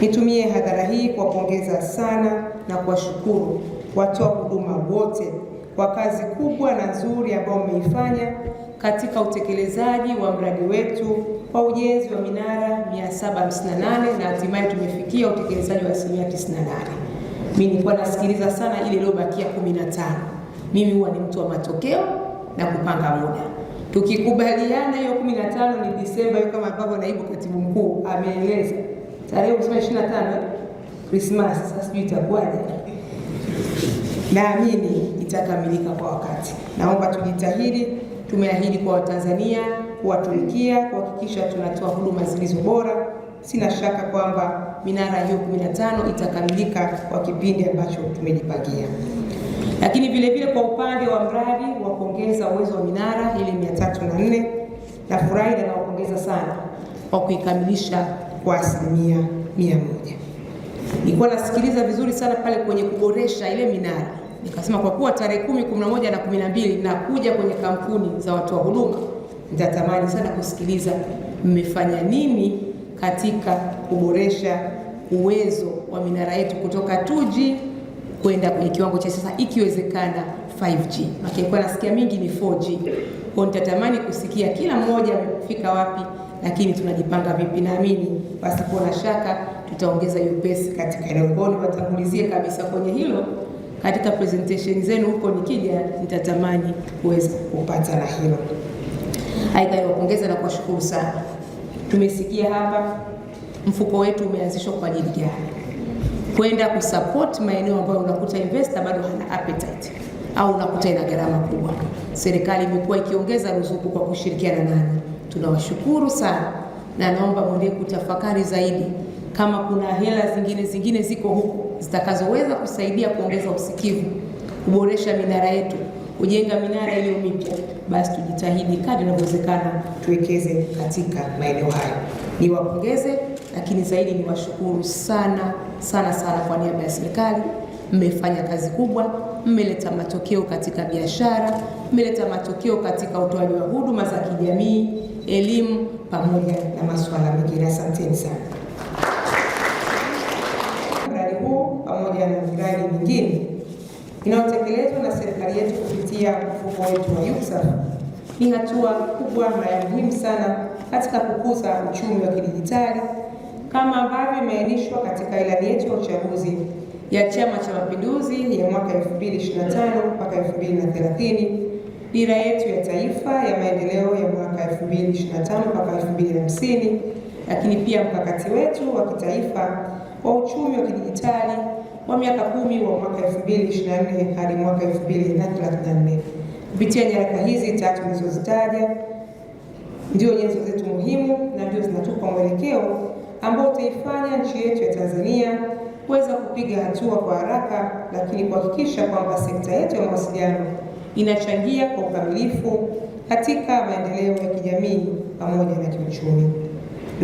Nitumie hadhara hii kuwapongeza sana na kuwashukuru watoa huduma wote kwa kazi kubwa na nzuri ambayo mmeifanya katika utekelezaji wa mradi wetu wa ujenzi wa minara 758 na hatimaye tumefikia utekelezaji wa asilimia 98. Mimi nilikuwa nasikiliza sana ile iliyobakia 15. Mimi huwa ni mtu wa matokeo na kupanga muda. Tukikubaliana hiyo 15 ni Disemba, hiyo kama ambavyo naibu katibu mkuu ameeleza tarehe kusema ishirini na tano Krismasi. Sasa sijui itakuwaje, naamini itakamilika kwa wakati. Naomba tujitahidi, tumeahidi kwa Watanzania kuwatumikia, kuhakikisha tunatoa huduma zilizo bora. Sina shaka kwamba minara hiyo 15 itakamilika kwa kipindi ambacho tumejipangia. Lakini vile vile kwa upande wa mradi wa kuongeza uwezo wa minara ile 304 nafurahi na nawapongeza sana kwa kuikamilisha kwa asilimia mia moja. Nilikuwa nasikiliza vizuri sana pale kwenye kuboresha ile minara, nikasema kwa kuwa tarehe kumi, kumi na moja na kumi na mbili nakuja kwenye kampuni za watu wa huduma, nitatamani sana kusikiliza mmefanya nini katika kuboresha uwezo wa minara yetu kutoka 2G kwenda kwenye kiwango cha sasa ikiwezekana 5G. nasikia mingi ni 4G. Kwa nitatamani kusikia kila mmoja amefika wapi lakini tunajipanga vipi. Naamini pasipo na shaka tutaongeza upesi katika eneo hilo. Watangulizie kabisa kwenye hilo katika presentation zenu huko, nikija nitatamani kuweza kupata na hilo. Aidha, niwapongeza na kuwashukuru sana. Tumesikia hapa mfuko wetu umeanzishwa kwa ajili gani, kwenda kusupport maeneo ambayo unakuta investor bado hana appetite au unakuta ina gharama kubwa. Serikali imekuwa ikiongeza ruzuku kwa kushirikiana nani Tunawashukuru sana na naomba mwende kutafakari zaidi kama kuna hela zingine zingine ziko huku zitakazoweza kusaidia kuongeza usikivu, kuboresha minara yetu, kujenga minara hiyo mipya, basi tujitahidi kadri inavyowezekana tuwekeze katika maeneo hayo. Niwapongeze, lakini zaidi niwashukuru sana sana sana kwa niaba ya serikali mmefanya kazi kubwa, mmeleta matokeo katika biashara, mmeleta matokeo katika utoaji wa huduma za kijamii, elimu pamoja na masuala mengine. Asanteni sana. Mradi huu pamoja na miradi mingine inayotekelezwa na serikali yetu kupitia mfuko wetu wa Yuksaf ni hatua kubwa na ya muhimu sana katika kukuza uchumi wa kidijitali kama ambavyo imeainishwa katika ilani yetu ya uchaguzi ya Chama cha Mapinduzi ya mwaka 2025 mpaka 2030, dira yetu ya taifa ya maendeleo ya mwaka 2025 mpaka 2050, lakini pia mkakati wetu wa kitaifa wa uchumi wa kidijitali wa miaka kumi wa mwaka 2024 hadi mwaka 2034. Kupitia nyaraka hizi tatu nilizozitaja, ndio nyenzo zetu muhimu na ndio zinatupa mwelekeo ambao utaifanya nchi yetu ya Tanzania kuweza kupiga hatua kwa haraka, lakini kuhakikisha kwamba sekta yetu ya mawasiliano inachangia kwa ukamilifu katika maendeleo ya kijamii pamoja na kiuchumi.